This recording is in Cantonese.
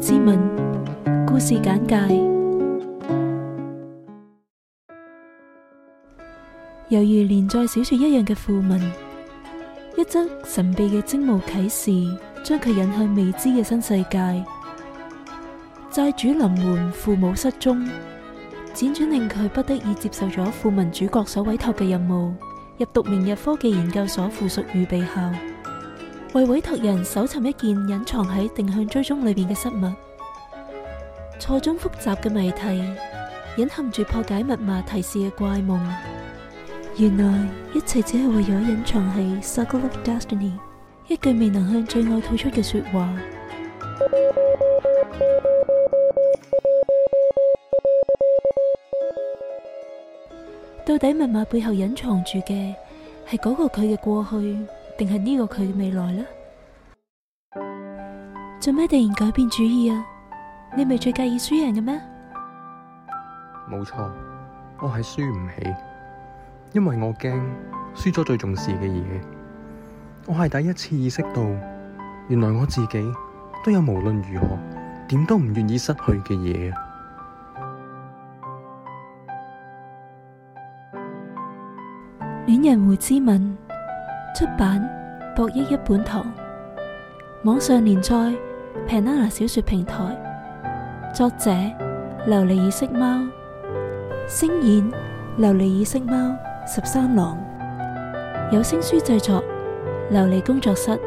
之吻故事簡介：猶如連載小說一樣嘅訃聞，一則神秘嘅徵募啟事，將佢引向未知嘅新世界。債主臨門，父母失蹤，輾轉令佢不得已接受咗訃聞主角所委託嘅任務，入讀明日科技研究所附屬預備校。為委託人搜尋一件隱藏喺定向追蹤裏面嘅失物，錯綜複雜嘅謎題，隱含住破解密碼提示嘅怪夢。原來一切只係為咗隱藏起《Circle of Destiny》一句未能向最愛吐出嘅說話。到底密碼背後隱藏住嘅係嗰個佢嘅過去？定係呢個佢嘅未來啦？做咩突然改變主意啊？你咪最介意輸贏嘅咩？冇錯，我係輸唔起，因為我驚輸咗最重視嘅嘢。我係第一次意識到，原來我自己都有無論如何點都唔願意失去嘅嘢。戀人湖之吻。出版：博益一本堂，網上連載《p a n a 安 a 小說平台》，作者：琉璃耳色貓，星演：琉璃耳色貓十三郎，有聲書製作：琉璃工作室。